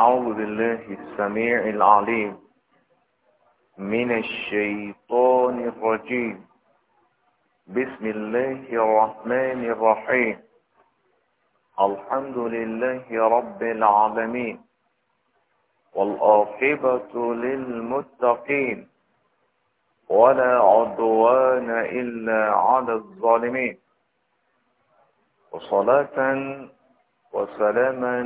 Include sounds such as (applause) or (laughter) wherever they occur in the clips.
أعوذ بالله السميع العليم من الشيطان الرجيم بسم الله الرحمن الرحيم الحمد لله رب العالمين والآخبة للمتقين ولا عدوان إلا على الظالمين وصلاة وسلاما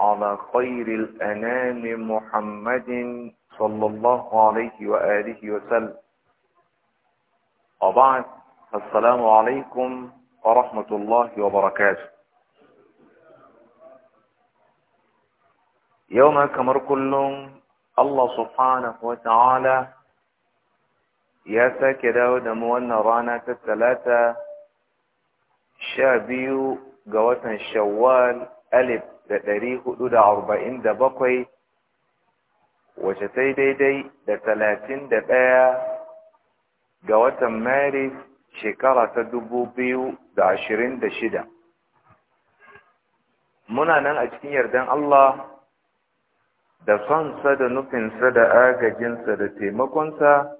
على خير الأنام محمد صلى الله عليه وآله وسلم وبعد السلام عليكم ورحمة الله وبركاته يوم كمر كلهم الله سبحانه وتعالى يا ساك داود موانا رانا الثلاثة شابيو قوة شوال ألف da ɗari hudu da arba'in da bakwai wace sai daidai da talatin da ɗaya ga watan maris shekara ta dubu biyu da ashirin da shida muna nan a cikin yardan Allah da sonsa da nufinsa da agajinsa da taimakonsa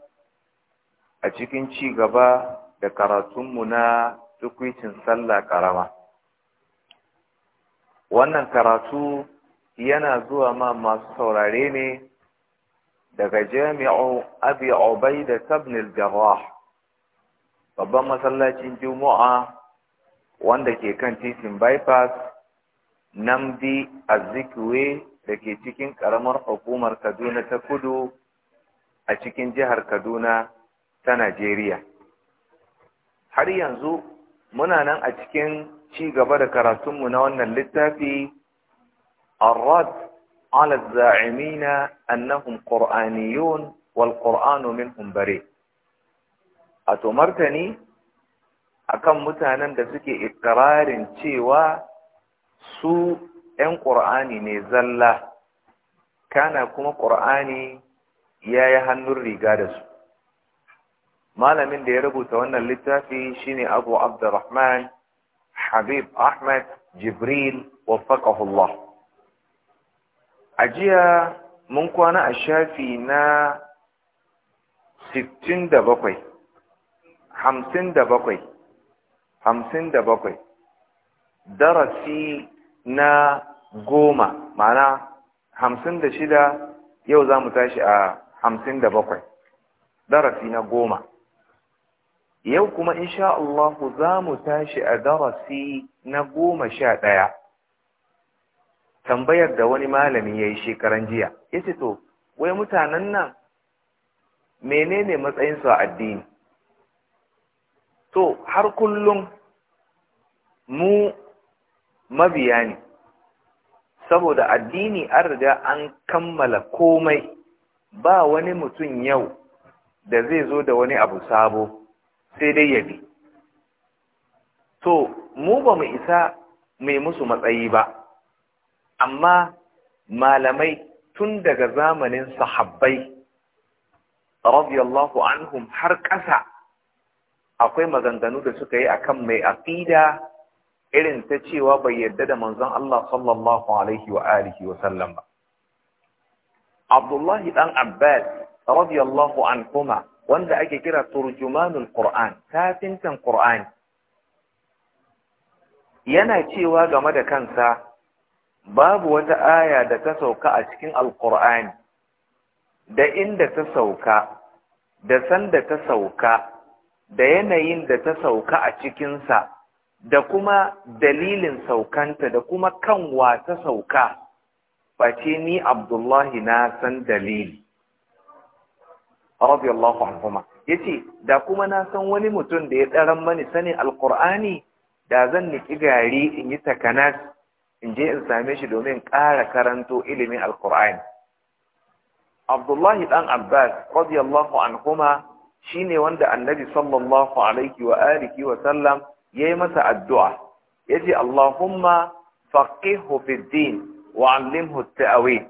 a cikin ci gaba da karatunmu na tukwicin sallah ƙarama. wannan karatu yana zuwa ma masu saurare ne daga jami'u abi obai da Sabnil jarrah babban masallacin juma'a wanda ke kan titin bypass namdi azikwe da ke cikin karamar hukumar kaduna ta kudu a cikin jihar kaduna ta najeriya har yanzu muna nan a cikin ci gaba da karatunmu na wannan littafi arad ala za'imina annahum qur'aniyun wal qur'anu minhum bari a to martani akan mutanen da suke ikrarin cewa su ‘yan ƙur'ani ne zalla, kana kuma ƙur'ani ya yi hannun riga da su. Malamin da ya rubuta wannan littafi shine Abu Abdurrahman Habib Ahmed Jibril wafakahullah. A jiya mun kwana a shafi na da da bakwai, bakwai, hamsin hamsin da bakwai, darasi na goma ma'ana shida yau za mu tashi a hamsin da bakwai, darasi na goma. yau kuma insha Allah za mu tashi a darasi na goma sha ɗaya tambayar da wani malami ya yi shekaran jiya ya ce to wai mutanen nan menene matsayinsu a addini to har kullum mu mabiya ne saboda addini an riga an kammala komai ba wani mutum yau da zai zo da wani abu sabo sai dai ya bi to mu ba mu isa mai musu matsayi ba amma malamai tun daga zamanin sahabbai radiyallahu anhum har ƙasa akwai maganganu da suka yi akan mai aqida irin ta cewa bai yarda da manzon Allah sallallahu alaihi wa alihi wa sallam ba Abdullahi dan Abbas radiyallahu anhuma wanda ake kira turjumanul Qur'an kafintan Qur'an. yana cewa game da kansa babu wata aya da ta sauka a cikin alkur'ani da inda ta sauka da sanda ta sauka da yanayin da ta sauka a cikinsa da kuma dalilin saukanta da kuma kanwa ta sauka face ni abdullahi na san dalili radiyallahu anhuma yace da kuma na san wani mutum da ya tsaran mani sanin alqur'ani da zan niki gari in yi takanas in je in same shi domin ƙara karanto ilimin alqur'ani Abdullahi dan Abbas radiyallahu anhuma shine wanda Annabi sallallahu alaihi wa alihi wa sallam yayi masa addu'a yace Allahumma faqihhu fid din wa 'allimhu at-ta'wil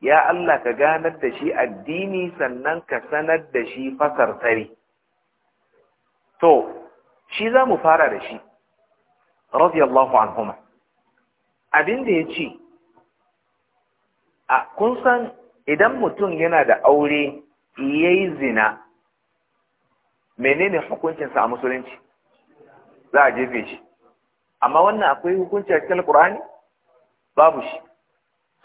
ya Allah ka ganar da shi addini sannan ka sanar da shi fasar tsari to shi za mu fara da shi radiyallahu anhuma abin da ya ce a kun san idan mutum yana da aure ya yi zina menene hukuncinsa a musulunci za a jefe shi amma wannan akwai hukunci a cikin babu shi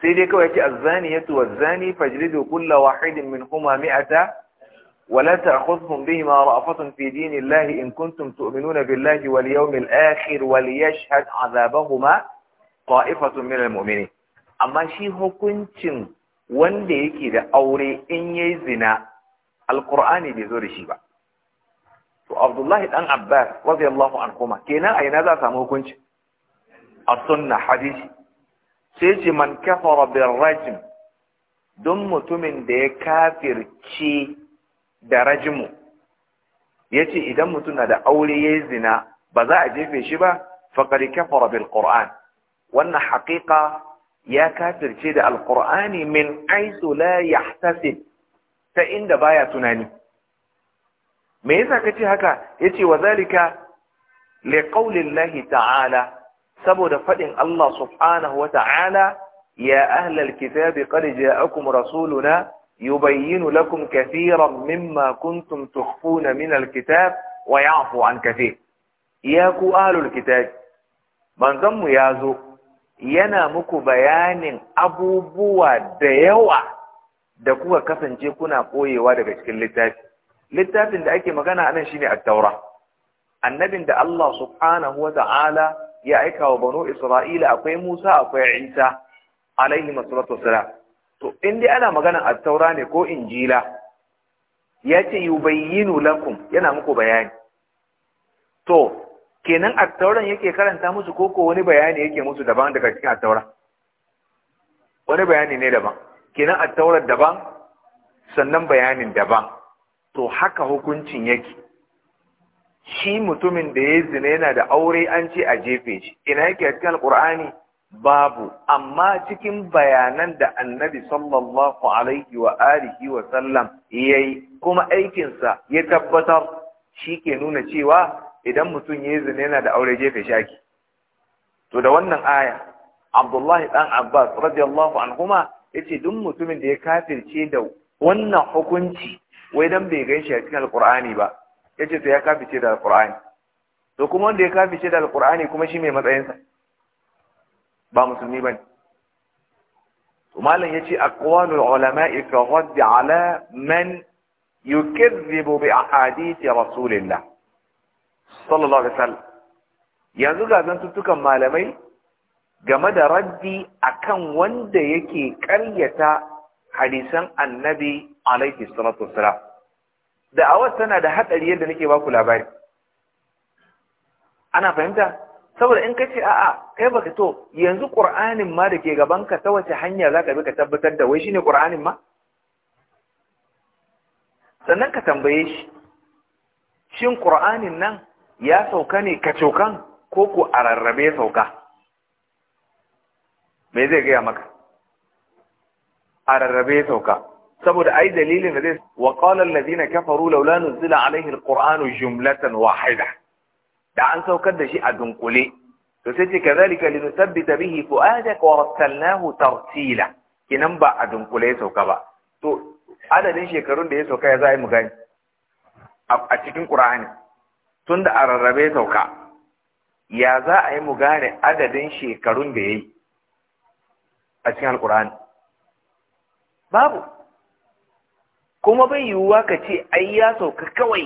sai dai kawai ce azzaniyatu wazzani fajlidu kulla wahidin huma mi'ata ولا تأخذهم بهما fi dinillahi in الله إن billahi wal بالله واليوم الآخر وليشهد عذابهما طائفة من المؤمنين أما شي hukuncin wanda yake da aure in yayi zina alqur'ani bai zo da shi ba to abdullahi dan abbas radiyallahu anhuma kenan a ina za samu hukunci a sunna hadisi sai ce man kafara bin rajim don mutumin da ya kafirce da rajimu ya ce idan mutum na da aure ya zina ba za a jefe shi ba faƙari kafara bil ƙor'an wannan haƙiƙa ya kafirce da alƙur'ani min aisu la yahtasib ta inda baya tunani me yasa ce haka yace wa zalika liqaulillahi ta'ala saboda faɗin Allah subhanahu wa ta'ala ya ahlal kitabi qad ja'akum rasuluna yubayyinu lakum kathiran mimma kuntum tukhfuna min alkitab wa ya'fu an kathir ya ku ahlul kitab manzon mu yazo yana muku bayanin abubuwa da yawa da kuka kasance kuna koyewa daga cikin littafi littafin da ake magana anan shine at-taura annabin da Allah subhanahu wa ta'ala ya aika wa banu isra'ila akwai musa akwai isa alaihi masalatu wassalam to in dai ana magana a taura ne ko injila ya ce yubayyinu lakum yana muku bayani to kenan a tauran yake karanta musu ko ko wani bayani yake musu daban daga cikin a taura wani bayani ne daban kenan a taurar daban sannan bayanin daban to haka hukuncin yake shi mutumin da ya zina yana da aure an ce a jefe shi ina yake a cikin alkur'ani babu amma cikin bayanan da annabi sallallahu alaihi wa alihi wa sallam yayi kuma aikinsa ya tabbatar shi ke nuna cewa idan mutum ya zina yana da aure jefe shaki to da wannan aya abdullahi dan abbas radiyallahu anhuma yace duk mutumin da ya kafirce da wannan hukunci wai dan bai ganshi a cikin alkur'ani ba yace to ya kafice da alqur'ani to kuma wanda ya kafice da alqur'ani kuma shi mai matsayin sa ba musulmi bane to malam yace aqwalul ulama'i fi radd ala man yukazzibu bi ahadith rasulillah sallallahu alaihi wasallam yanzu ga zan zantuttukan malamai game da raddi akan wanda yake karyata hadisan annabi alaihi salatu wassalam da'awar tana da haɗari yadda nake baku labari ana fahimta saboda in kace a'a kai baka to yanzu qur'anin ma da ke gaban ka ta wace hanya zaka bi ka tabbatar da wai shine qur'anin ma sannan ka tambaye shi shin qur'anin nan ya sauka ne kacokan ko ko a rarrabe sauka me zai gaya maka a rarrabe sauka saboda ai dalilin da zai wa qala alladhina kafaru laula nuzila alaihi alquranu jumlatan wahida da an saukar da shi a dunkule to sai ce kazalika linusabbita bihi fuadaka wa rattalnahu tartila kinan ba a dunkule ya sauka ba to adadin shekarun da ya sauka ya zai mu gani a cikin qur'ani tunda a rarrabe sauka ya za a yi mu gane adadin shekarun da ya yi a cikin alqur'ani babu kuma bai yiwuwa ka ce ai ya sauka kawai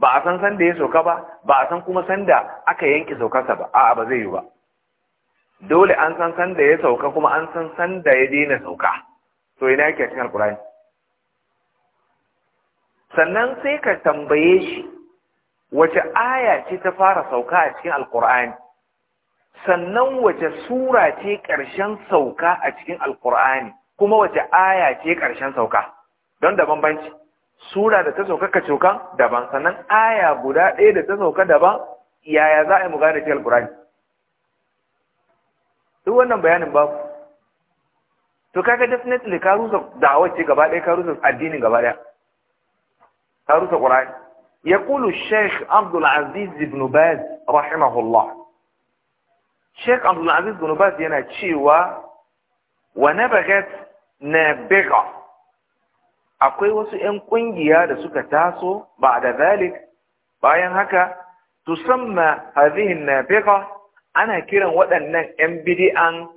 ba a san sanda ya sauka ba ba a san kuma sanda aka yanke saukarsa ba a'a ba zai yiwu ba dole an san sanda ya sauka kuma an san sanda ya daina sauka to ina yake cikin alkurani sannan sai ka tambaye shi wace aya ce ta fara sauka a cikin alkur'ani sannan wace sura ce ƙarshen sauka a cikin alkur'ani kuma wace aya ce ƙarshen sauka don da bambanci sura da ta sauka kacokan daban sannan aya guda ɗaya da ta sauka daban yaya za a yi mu gane shi alkurani duk wannan bayanin babu to kaga definitely ka rusa da'awar ce gaba ɗaya ka rusa addinin gaba ɗaya ka rusa qur'ani yaqulu sheikh abdul aziz ibn baz rahimahullah sheikh abdul aziz ibn baz yana cewa wa nabagat nabiga akwai wasu 'yan ƙungiya da suka taso ba da zalik bayan haka tusamma hazihin nafiqa ana kiran waɗannan 'yan bidi'an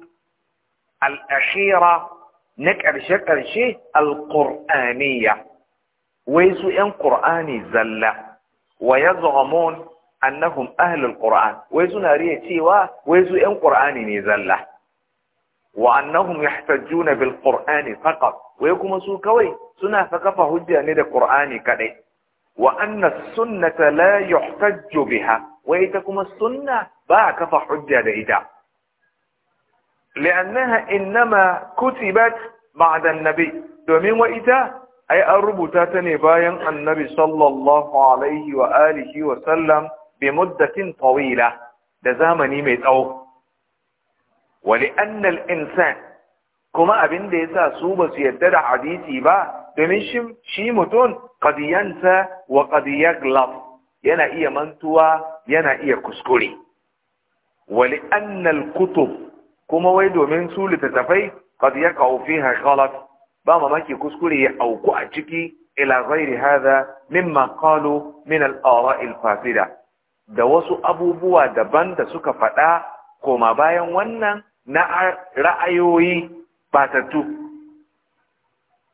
al'ashira na ƙarshe-ƙarshe alƙur'aniya wai su 'yan ƙur'ani zalla wa ya annahum ahlul ƙur'an wai suna riya cewa wai su 'yan ƙur'ani ne zalla وأنهم يحتجون بالقرآن فقط ويكون سوكوي سنة فقط هجة ندى قرآن كده وأن السنة لا يحتج بها ويتكم السنة باك فحجة لإداء لأنها إنما كتبت بعد النبي ومن وإداء أي أربطة تنبايا النبي صلى الله عليه وآله وسلم بمدة طويلة ده ميت أوه ولأن الإنسان كما أبن ديسا سوبس يدد حديثي با دمشم شي قد ينسى وقد يغلط ينا إيا منتوى ينا إيا كسكولي ولأن الكتب كما ويدو من سولة تفاي قد يقع فيها غلط باما ماكي كسكولي أو كأتشكي إلى غير هذا مما قالوا من الآراء الفاسدة دواسو أبو بوا دبان دسوك فتاة كما باين ونن na ra'ayoyi batattu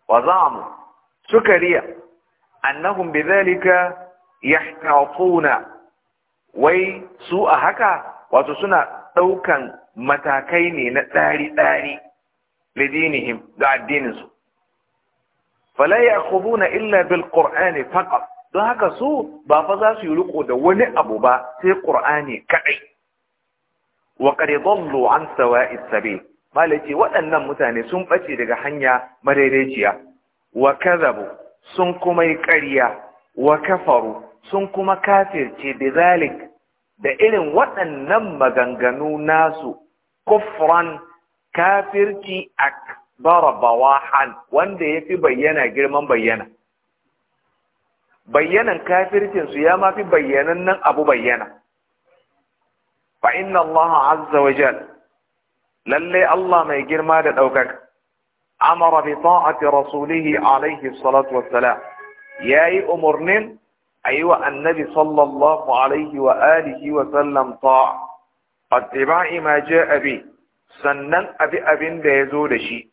wa zamu suka riya annahum bidhalika yahtafuna wai su a haka wato suna daukan matakai ne na dari dari lidinihim da addinin su fala ya'khuduna illa bil qur'ani faqat don haka su ba fa za su yi riko da wani abu ba sai qur'ani kadai wa qad dallu an sawa'is sabil malaki waɗannan mutane sun bace daga hanya madaidaiciya wa kadhabu sun kuma yi ƙarya wa kafaru sun kuma kafirce da zalik da irin waɗannan maganganu nasu kufran kafirci akbara bawahan wanda ya fi bayyana girman bayyana bayyanan kafircinsu ya mafi bayyanan nan abu bayyana فإن الله عز وجل للي الله ما يقول ما دعوكك أمر بطاعة رسوله عليه الصلاة والسلام ياي أمرنن أيوة النبي صلى الله عليه وآله وسلم طاع اتباع ما جاء به سنن أبي أبن بيزود شيء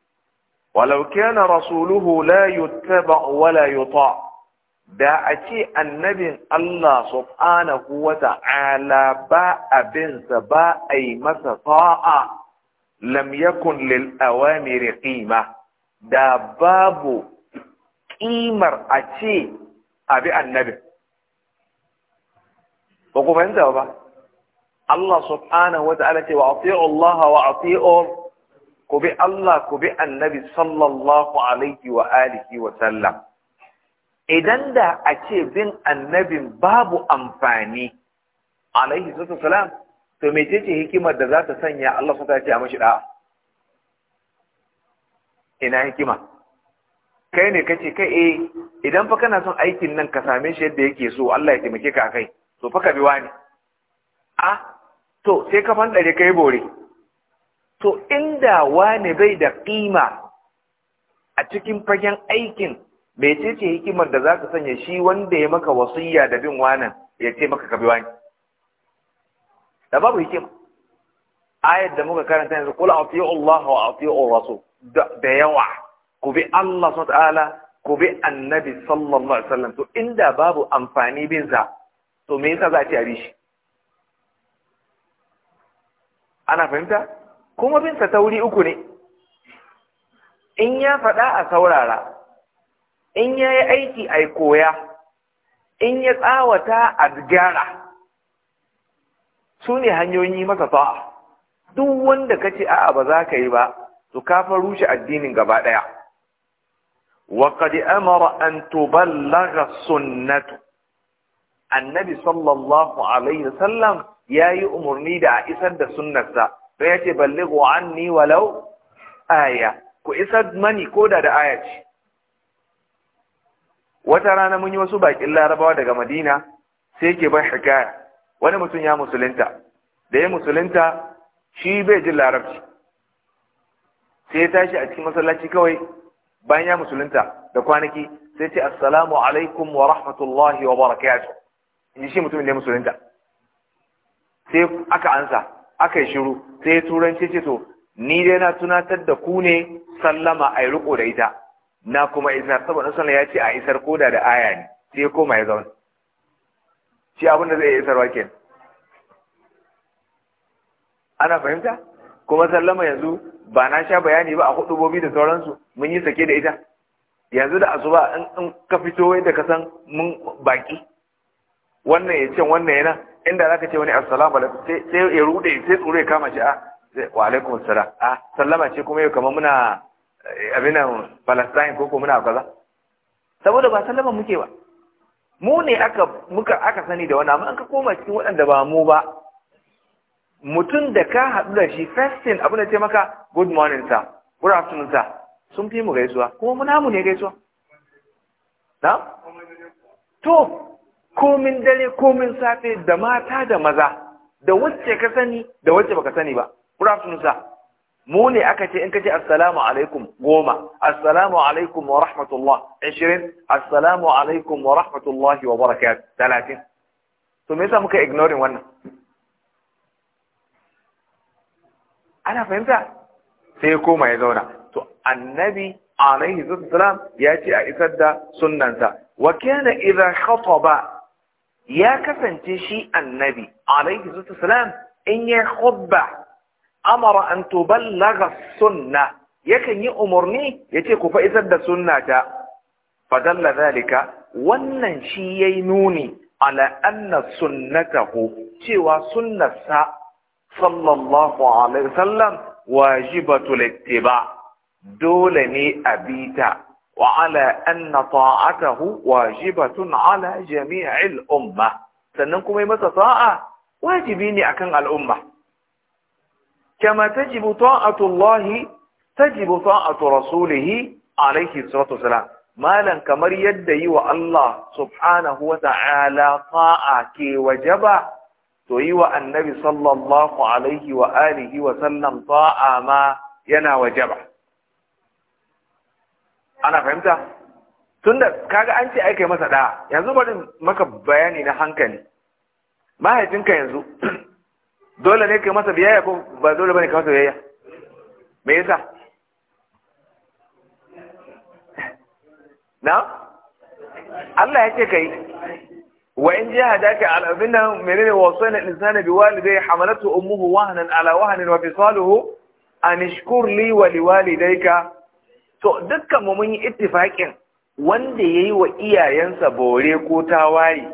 ولو كان رسوله لا يتبع ولا يطاع da a ce annabin Allah subhanahu wa ta'ala ba abinsa ba a yi masa fa'a lam yakun lil awamiri qima da babu ƙimar a ce abi annabin ba ku fahimta ba Allah subhanahu wa ta'ala ce wa ati'u Allah wa ati'u ku bi Allah ku bi annabi sallallahu alaihi wa alihi wa sallam idan da a ce bin annabin babu amfani alaihi sassu salam to mecece hikimar da za ta sanya Allah ta ce a mashi da'a ina hikima kai ne kace kai eh idan fa kana son aikin nan ka same shi yadda yake so Allah ya taimake ka kai to fa ka bi wani a to sai ka dare kai bore to inda wani bai da kima a cikin fagen aikin Mai ce hikimar da za ka sanya shi wanda ya maka wasiyya da bin wanan ya ce maka ka bi wani da babu hikima ayat da muka karanta yanzu kula a fiye Allah wa atiyu rasul da yawa ku bi Allah su ta'ala ku bi annabi sallallahu alaihi wasallam to inda babu amfani bin sa to me yasa za a ci a shi ana fahimta kuma bin sa tauri uku ne in ya faɗa a saurara in ya yi aiki ai koya, in ya tsawata a gyara, su ne hanyoyin masa tsawa. Duk wanda ka ce a abu za ka yi ba, su kafa rushe addinin gaba ɗaya. Wa ka di amara an tuba annabi sallallahu Alaihi wasallam ya yi umarni da a isar da sunnatsa, sai yace, ce balle ku walau aya, ku isar mani ko da da ayaci. wata rana mun yi wasu bakin larabawa daga madina sai ke bar hikaya wani mutum ya musulunta da ya musulunta shi bai jin larabci sai ya tashi a cikin masallaci kawai bayan ya musulunta da kwanaki sai ce assalamu alaikum wa rahmatullahi wa barakatu in shi mutumin da ya musulunta sai aka ansa aka yi shiru sai ya turanci ce to ni dai na tunatar da ku ne sallama a yi riko da ita na kuma isar saboda sallah ya ce a isar koda da aya ne sai ya koma ya zauna shi abin da zai iya isarwa kenan ana fahimta kuma sallama yanzu ba na sha bayani ba a hudubobi da sauransu mun yi sake da ita yanzu da asuba in ka fito yadda ka san mun baki wannan ya ce wannan yana inda za ka ce wani assalamu alaikum sai ya rude sai tsoro ya kama shi a ah, wa alaikum assalam a ah, sallama ce kuma yau kamar muna Eh, abinan palestine ko ko muna kaza saboda ba sallama muke ba mu ne aka muka aka sani da wani amma an ka koma cikin waɗanda ba mu ba mutum da ka haɗu da shi first thing abin da ce maka good morning sir good afternoon sir sun fi mu gaisuwa kuma mu namu ne gaisuwa na to komin dare komin safe da mata da maza da wacce ka sani da wacce baka sani ba good afternoon sir mu ne aka ce in ka ce assalamu alaikum goma assalamu alaikum wa rahmatullah ashirin assalamu alaikum wa rahmatullahi wa barakat talatin to me yasa muka ignoring wannan ana fahimta sai ya koma ya zauna to annabi alaihi sallam ya ce a isar da sunnansa wa kana idza khataba ya kasance shi annabi alaihi sallam in ya khutba amara an tuballaga sunna yakan yi umarni yace ku fa'isar da sunnata fadalla zalika wannan shi yayi nuni ala anna sunnatahu cewa sunnarsa sallallahu alaihi wasallam wajibatu littiba dole ne a bita wa ala anna ta'atahu wajibatun ala jami'il umma sannan kuma yi masa ta'a wajibi ne akan al'umma كما تجب طاعة الله تجب طاعة رسوله عليه الصلاة والسلام malan kamar yadda yi wa Allah subhanahu wa ta'ala fa'a ke wajaba to yi wa annabi sallallahu alaihi wa alihi wa sallam fa'a ma yana wajaba ana fahimta tunda kaga an ce aika masa ɗaya. yanzu bari maka bayani na hankali mahaifinka yanzu dole ne ka masa biyayya ko ba dole bane ka masa biyayya me yasa na Allah ya ce kai wa in jahadaka ala abinna menene wasana al-insana biwalidayhi hamalatu ummuhu wahnan ala wahnin wa fisaluhu an ishkur li wa liwalidayka to dukkan mu mun yi ittifaqin wanda yayi wa iyayensa bore ko tawaye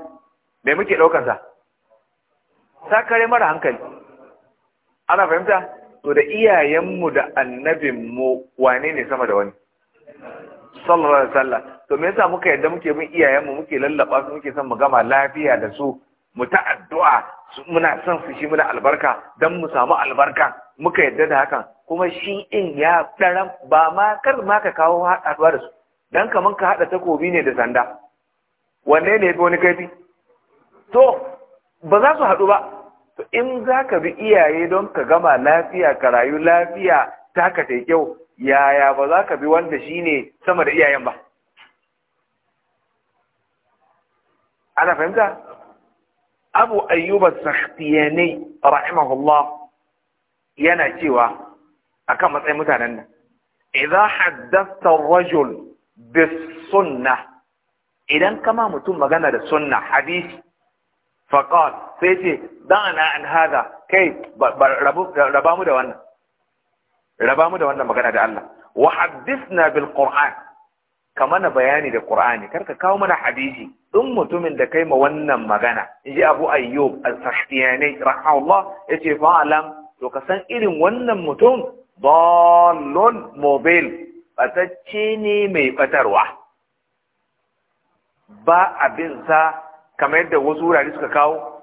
me muke daukar sa ta kare mara hankali ana fahimta to da iyayenmu da annabinmu wane ne sama da wani sallallahu alaihi wasallam to me yasa muka yadda muke bin iyayenmu muke lallaba su muke son mu gama lafiya da su mu ta addu'a muna son su shi muna albarka dan mu samu albarka muka yadda da hakan kuma shi in ya ɗaran, ba ma kar ma ka kawo haɗuwa da su dan kaman ka haɗa takobi ne da sanda wanne ne ya fi wani kaifi to ba za su haɗu ba to in za ka bi iyaye don ka gama lafiya ka rayu lafiya taka ta kyau yaya ba za ka bi wanda shi ne sama da iyayen ba ana fahimta abu ayyuba sahtiyani rahimahullah yana cewa akan matsayin mutanen nan idza haddatha ar-rajul bis sunnah idan kama mutum magana da sunna hadisi faqal sai ce da'ana an hada kai raba mu da wannan raba mu da wannan magana da Allah wa haddithna bil qur'an na bayani da qur'ani karka kawo mana hadisi in mutumin da kai ma wannan magana inji abu ayyub al-sahtiyani rahimahullah yace fa alam to ka san irin wannan mutum dallon mobil batacce ne mai batarwa ba abin sa kamar yadda wasu wurare suka kawo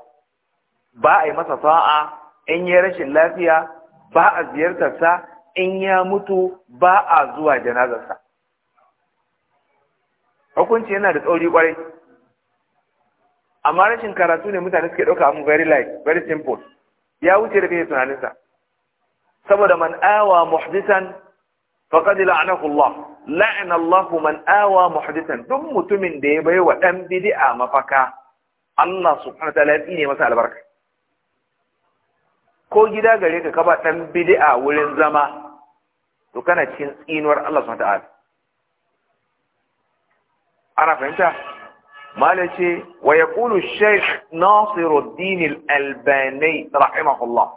ba a yi masa sa'a in ya rashin lafiya ba a ziyartarsa in ya mutu ba a zuwa janazarsa hukunci yana da tsauri kwarai amma rashin karatu ne mutane suke ɗauka abu very light very simple ya wuce da kai tunaninsa saboda man'awa, awa muhdisan faqad la'anahu Allah la'ana Allah man awa muhdisan duk mutumin da ya baiwa dan bid'a mafaka Allah subhanahu wataala ya tsine masa albarka ko gida gare ka kaba dan bid'a wurin zama to kana cikin tsinuwar Allah subhanahu wataala ana fahimta مالتي ويقول الشيخ ناصر الدين الألباني رحمه الله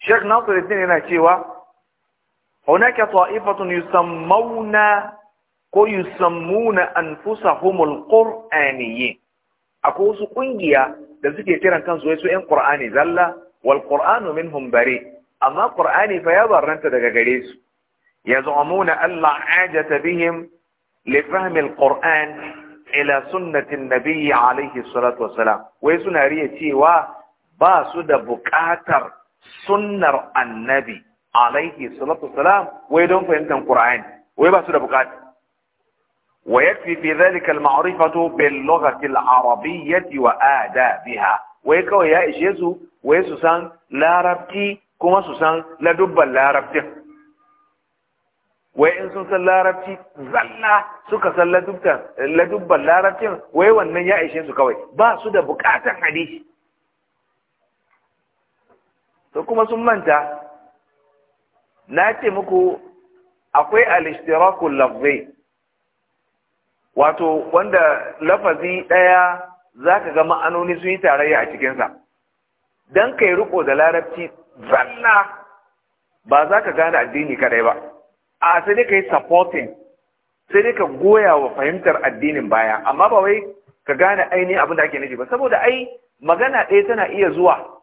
الشيخ ناصر الدين هنا شيوا hunaka ta'ifatun yusammuna ko na anfusahumul qur'aniyyin akwai wasu ƙungiya da suke kiran kansu wasu 'yan ƴan qur'ani zalla wal qur'anu minhum bari amma qur'ani fa ya barranta daga gare su yaz'umuna alla ajata bihim li fahmi al qur'an ila sunnatin an-nabiy alayhi salatu wassalam wai suna riya cewa ba su da buƙatar sunnar annabi عليه الصلاة والسلام way don fahimtan qur'ani way ba su ويكفي في ذلك المعرفة باللغة العربية وآدابها ويكو يا إشيزو ويسوسان لا ربتي كما سوسان لا دب لا ربتي وإن سوسان لا ربتي ظلا سكسا لا دبتا لا دب لا ربتي ويوان من يا إشيزو كوي با سودا بكاتا حديث فكما سمانتا na ce muku akwai al-ishtirakul wato wanda lafazi ɗaya za ka ga ma'anoni sun yi tarayya a cikinsa dan kai riko da larabci zanna ba za ka gane addini kadai ba a sai dai ka yi supporting sai dai ka goya wa fahimtar addinin baya amma ba wai ka gane ainihin abin da ake nufi ba saboda ai magana ɗaya tana iya zuwa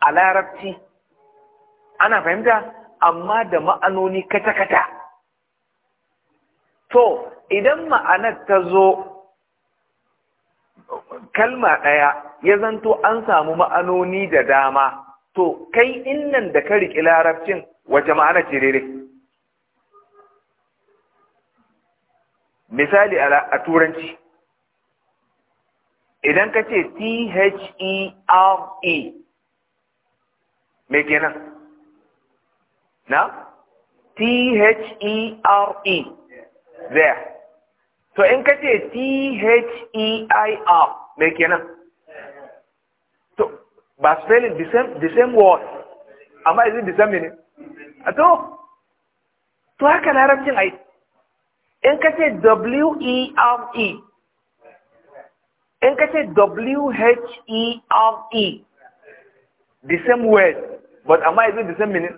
a larabci ana fahimta amma da ma'anoni kata-kata to idan ma'anar ta zo kalma ɗaya ya zanto an samu ma'anoni da dama to kai innan da ka riƙi larabcin wace ma'ana ce daidai misali a turanci idan ka ce t-h-e-r-e mai kenan na T-H-E-R-E e. there to in ka ce T-H-E-I-R mai kenan to ba spelling the same, the same word amma is it the same meaning a to to haka larabcin ai in ka ce W-E-R-E e, in ka ce W-H-E-R-E e, the same word but amma is it the same meaning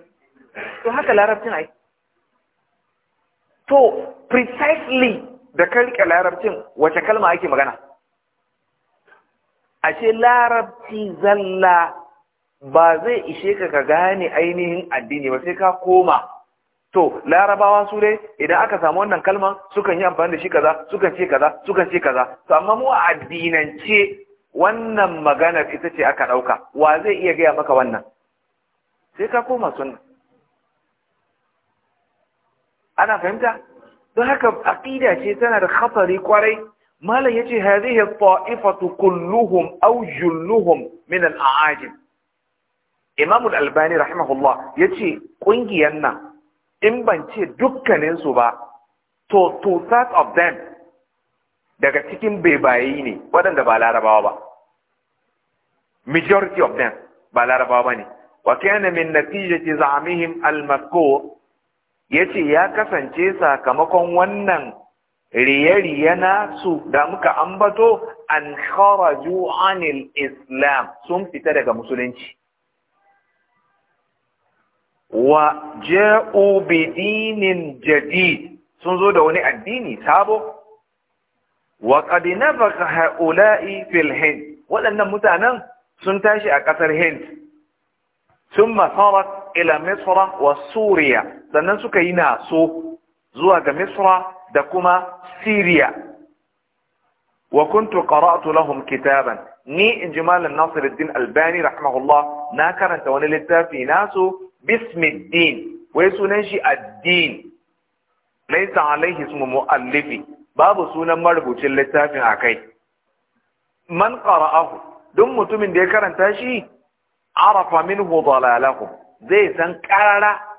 to haka larabcin ai to precisely da ka rike larabcin wace kalma ake magana ashe larabci zalla ba zai ishe ka ka gane ainihin addini ba sai ka koma to larabawa su dai idan aka samu wannan kalman sukan yi amfani da shi kaza sukan ce kaza sukan ce kaza to amma mu addinance wannan maganar ita ce aka ɗauka wa zai iya gaya maka wannan sai ka koma sunna ana fahimta don haka aqida ce tana da khatari kwarai malam yace hadhihi taifatu kulluhum aw julluhum min al-a'ajim Imam al-Albani rahimahullah yace kungiyan nan in ban ce dukkanin su ba to two thirds of them daga cikin bebayi ne waɗanda ba larabawa ba majority of them ba larabawa ba ne wa kana min natijati za'amihim al-mazkur ya ce ya kasance sakamakon wannan riye-riye na su da muka ambato an kharaju anil islam sun fita daga musulunci wa ja'u dinin jadid sun zo da wani addini sabo wa qad nafaka haula'i fil hind waɗannan mutanen sun tashi a ƙasar hind sun masarat ila wa suriya sannan suka yi naso zuwa ga misra da kuma Siriya. wa kuntu qara'tu lahum kitaban ni inji malam nasiruddin albani rahimahullah na karanta wani littafi nasu bismiddin wai sunan shi addin laysa alaihi ismu muallifi babu sunan marubucin littafin akai man qara'ahu duk mutumin da ya karanta shi arafa minhu dalalahum zai san karara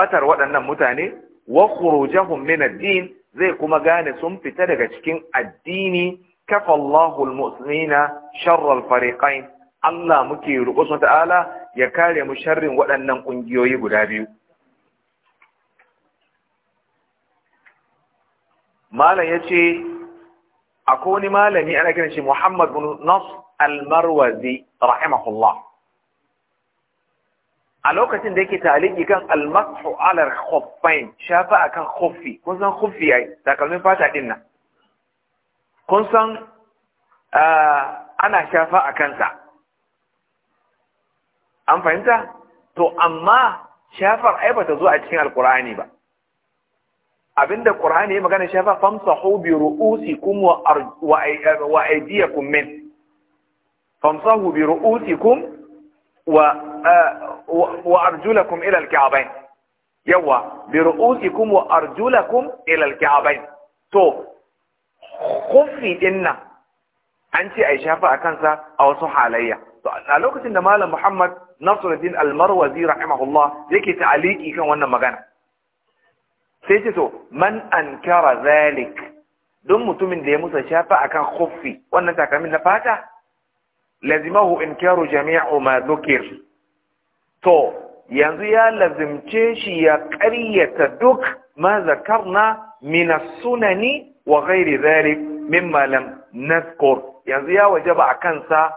fatar waɗannan mutane wa khurujahum min ad-din zai kuma gane sun fita daga cikin addini kafa Allahu al fariqain Allah muke roƙo sun ta'ala ya kare mu sharrin waɗannan ƙungiyoyi guda biyu malam yace akwai wani malami ana kiran shi Muhammad bin Nas al-Marwazi rahimahullah a lokacin da yake taliki kan almasu alar khuffain shafa akan khuffi kun san khuffi yayi takalmin fata din nan kun san ana shafa a kansa an fahimta to amma shafar ai bata zo a cikin alkur'ani ba abinda qur'ani ya magana shafa famsahu bi ru'usikum wa wa aydiyakum min famsahu bi ru'usikum wa وأرجلكم إلى الكعبين يوا برؤوسكم وأرجلكم إلى الكعبين تو خفي إن انت أي شافة أكنسا أو صح علي لو ان مال محمد نصر الدين المروزي رحمه الله يكي تعليك إيكا وانا مغانا سيتو من أنكر ذلك دم تمن دي موسى شافة أكن خفي وانا تاكا من نفاتا لازمه إنكار جميع ما ذكر to yanzu ya lazimce shi ya ƙaryata duk ma zakarna min sunani wa ghairi dhalik mimma lam nazkur yanzu ya wajaba a kansa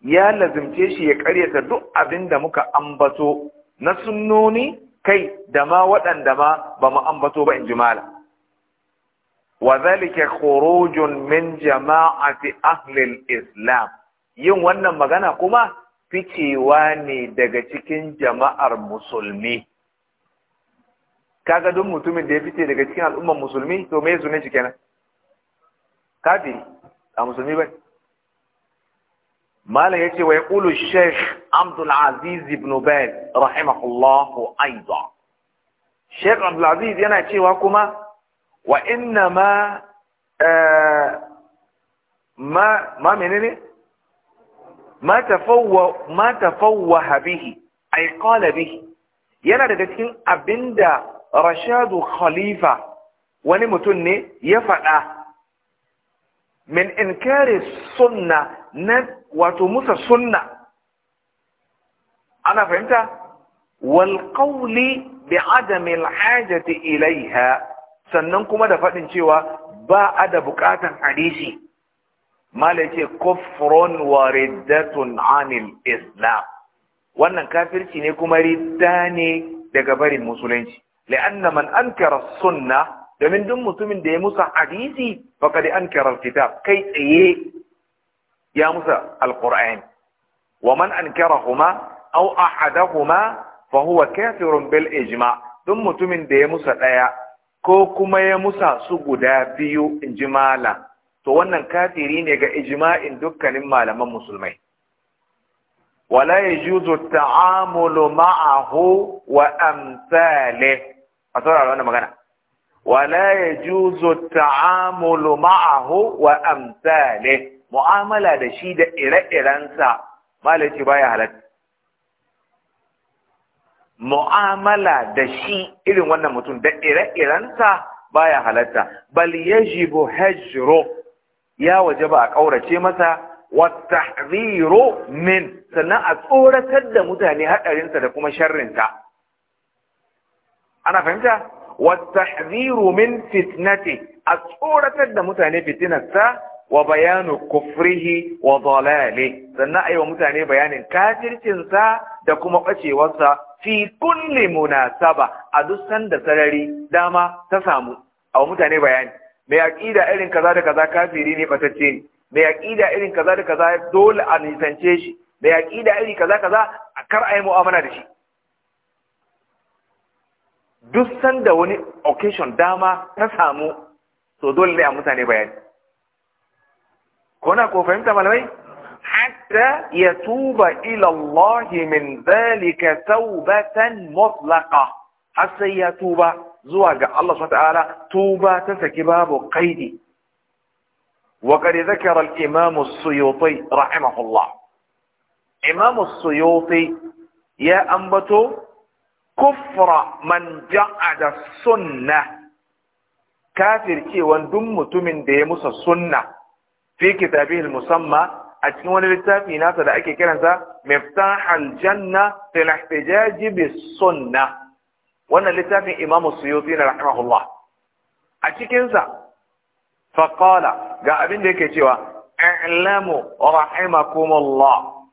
ya lazimce shi ya ƙaryata duk abin da muka ambato na sunnoni kai da ma waɗanda ma ba mu ambato ba in ji malam wa zalika khurujun min jama'ati ahli al-islam yin wannan magana kuma ficewa ne daga cikin jama'ar musulmi kaga duk mutumin da ya fice daga cikin al'ummar musulmi to me sunan shi kenan kafiri a musulmi bane malam yace wa yaqulu shaykh Abdul Aziz ibn Baz rahimahullahu aidan shaykh Abdul Aziz yana cewa kuma wa inna ma eh, ma ma menene ma tafawwa bihi ay qala bihi yana daga cikin abinda rashadu khalifa wani mutum ne ya faɗa min inkari sunna na wato musa sunna ana fahimta wal qawli bi adami al hajati ilaiha sannan kuma da faɗin cewa ba a da buƙatan hadisi mala yace kufrun wa riddatun anil islam wannan kafirci ne kuma ridda ne daga barin musulunci la'anna man ankara sunna domin duk mutumin da ya musa hadisi faqad ankara kitab. kai tsaye ya musa alquran wa man huma? aw ahadahuma fa huwa kafirun bil ijma duk mutumin da ya musa daya ko kuma ya musa su guda biyu injimala to wannan kafiri ne ga ijma'in dukkanin malaman musulmai wala yajuzu ta'amulu ma'ahu wa amsale a saurara wannan magana wala yajuzu ta'amulu ma'ahu wa amsale mu'amala da shi da ire-irensa malaci baya halatta mu'amala da shi irin wannan mutum da ire-irensa baya halatta bal yajibu hajru ya wajaba a ƙaurace masa wattahziru min sannan a tsoratar da mutane haɗarinsa da kuma sharrinta ana fahimta wattahziru min fitnati a tsoratar da mutane fitinarsa wa bayanu kufrihi wa dalali sannan yi wa mutane bayanin kafircinsa da kuma ɓacewarsa fi kulli munasaba a duk sanda sarari dama ta samu a mutane bayani mai aƙida irin kaza da kaza kafiri ne batacce ne mai aƙida irin kaza da kaza dole a nisance shi mai aƙida iri kaza kaza a kar a yi mu'amala da shi duk sanda wani occasion dama ta samu to dole ne a mutane bayani kona ko fahimta malamai hatta ya tuba ilallahi min zalika taubatan mutlaqa har sai ya tuba zuwa ga Allah subhanahu ta'ala tuba ta saki babu qaidi wa qad zakara al-imam as-suyuti rahimahullah imam as-suyuti ya ambato kufra man ja'ada sunnah kafir cewan duk mutumin da ya musa sunna fi kitabihi al-musamma a cikin wani littafi nasa da ake kiransa miftahal janna fil ihtijaj bis sunnah wannan littafin Imam Suyuti na rahimahullah a cikin sa fa qala ga abin da yake cewa a'lamu rahimakumullah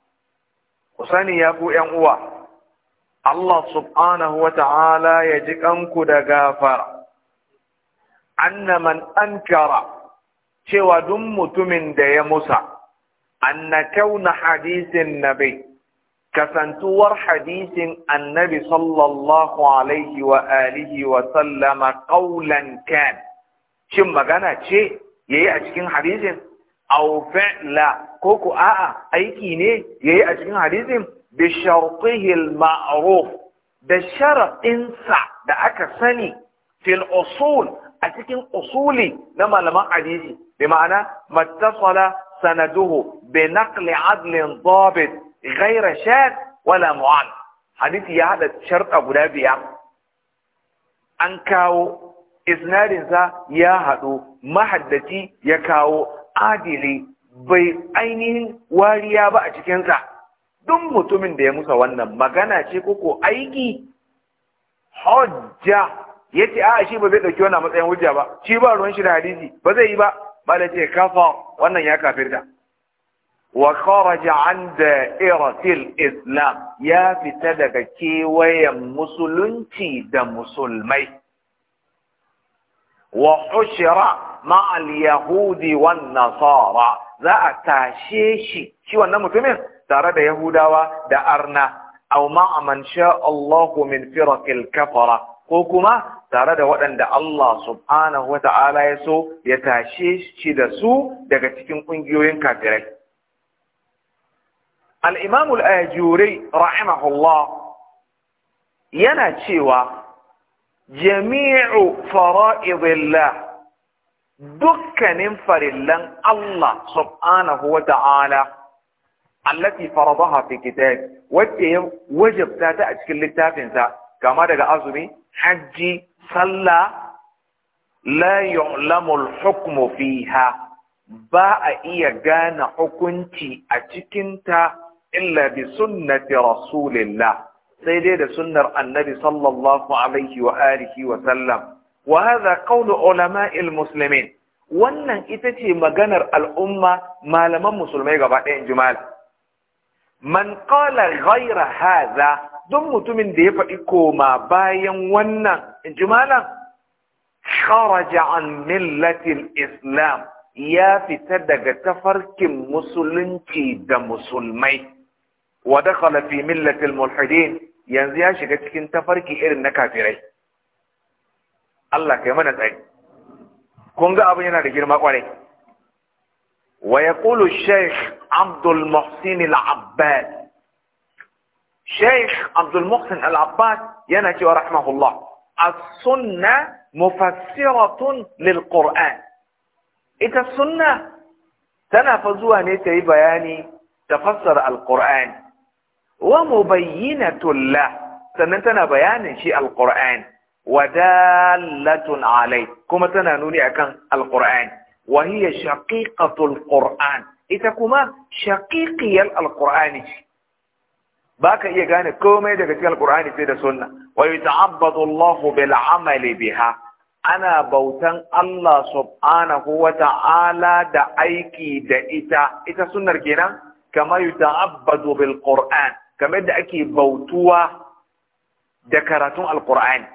kusani ya ku yan uwa Allah subhanahu wa ta'ala ya ji kanku da gafara anna man ankara cewa duk mutumin da ya musa anna kauna hadisin nabi kasantuwar hadisin annabi sallallahu alaihi wa alihi wa sallama qaulan kan shin magana ce yayi a cikin hadisin aw fi'la ko ku a'a aiki ne yayi a cikin hadisin bi shartihi al ma'ruf da sharaɗinsa da aka sani fil usul a cikin usuli na malaman hadisi bi ma'ana mattasala sanaduhu bi naqli adlin dabit ghaira shad wala mu'an hadisi ya hada sharɗa guda biyar an kawo isnarinsa ya haɗu mahaddaci ya kawo adili bai ainihin wariya ba a cikinsa duk mutumin da ya musa wannan magana ce koko aiki hujja ya ce a shi ba zai ɗauki wannan matsayin hujja ba shi ba ruwan shi da hadisi ba zai yi ba ba da ce kafa wannan ya kafirta wa kharaja an da'iratil islam ya fita daga kewayen musulunci da musulmai wa ushira ma'al yahudi wan nasara za a tashe shi shi wannan mutumin tare da yahudawa da arna aw ma'a man Allahu min firaqil kafara ko kuma tare da waɗanda Allah subhanahu wa ta'ala ya so ya tashe shi da su daga cikin ƙungiyoyin kafirai al'imamul ajuri rahimahullah yana cewa jami'u fara'idillah dukkanin farillan Allah subhanahu wa ta'ala allati faradaha fi kitab ya wajabta ta a cikin littafinsa kama daga azumi hajji sallah la yu'lamu al-hukmu fiha ba a iya gane hukunci a cikinta illa bi sunnati rasulillah sai dai da sunnar annabi sallallahu alaihi wa alihi wa sallam wa hadha qawlu ulama'il muslimin wannan ita ce maganar al'umma malaman musulmai gaba ɗaya in man qala ghayra hadha duk mutumin da ya faɗi koma bayan wannan in ji malam kharaja an millatil islam ya fita daga tafarkin musulunci da musulmai ودخل في ملة الملحدين ينزي عشي كتكين تفركي إرن نكافري الله كمان أتعي كونغا أبو ينادي جير مقوالي ويقول الشيخ عبد المحسن العباد شيخ عبد المحسن العباد ينادي ورحمه الله السنة مفسرة للقرآن إذا السنة تنافذوها نيتي بياني تفسر القرآن wa mubayyinatul la sannan tana bayanin shi alqur'an wa dallatun alai kuma tana nuni akan alqur'an wa hiya shaqiqatul qur'an ita kuma shaqiqiyal alqur'ani ba iya gane komai daga cikin alqur'ani sai da sunna wa yuta'abbadu Allahu bil amali biha ana bautan Allah subhanahu wa ta'ala da aiki da ita, ita sunnar kenan, kama yi bil Qur'an, kamar da ake bautuwa da karatun alkur'ani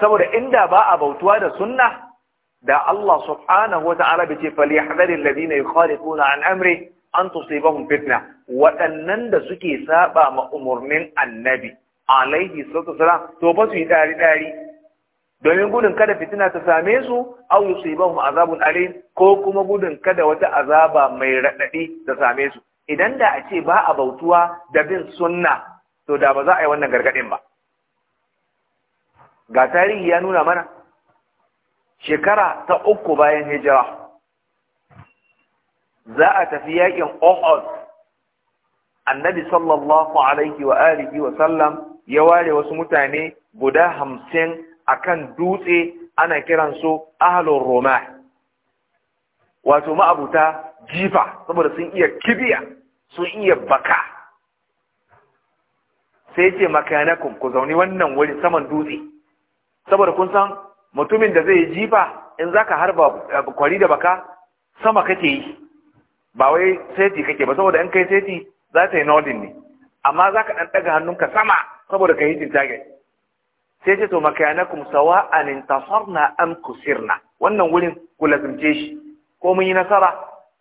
saboda inda ba a bautuwa da sunna da Allah subhanahu wata'ala bai ce falyahdharil ladina yukhalifuna an amri an tusibahum fitna waɗannan da suke saba ma umurnin annabi alaihi salatu wasalam to ba su yi dari dari domin gudun kada fitina ta same su aw yusibahum azabun alim ko kuma gudun kada wata azaba mai raɗaɗi ta same su idan da a ce ba a bautuwa da bin sunna to da ba za a yi wannan gargaɗin ba ga tarihi ya nuna mana shekara ta uku bayan hijira za a tafi yakin Ohos? annabi sallallahu alaihi wa alihi wa sallam ya ware wasu mutane guda hamsin akan dutse ana kiransu ahlur roma wato ma'abuta jifa saboda sun iya kibiya sun iya baka sai ce makayanakun ku zaune wannan wuri saman dutse saboda kun san mutumin da zai jifa in zaka harba eh, kwari da baka sama kake yi ba wai seti kake ba saboda in kai seti za ta yi nodin ne amma zaka dan daga hannunka sama saboda ka hitin target sai ce to makanakum sawa'an intasarna am kusirna wannan wurin ku lazimce shi ko mun yi nasara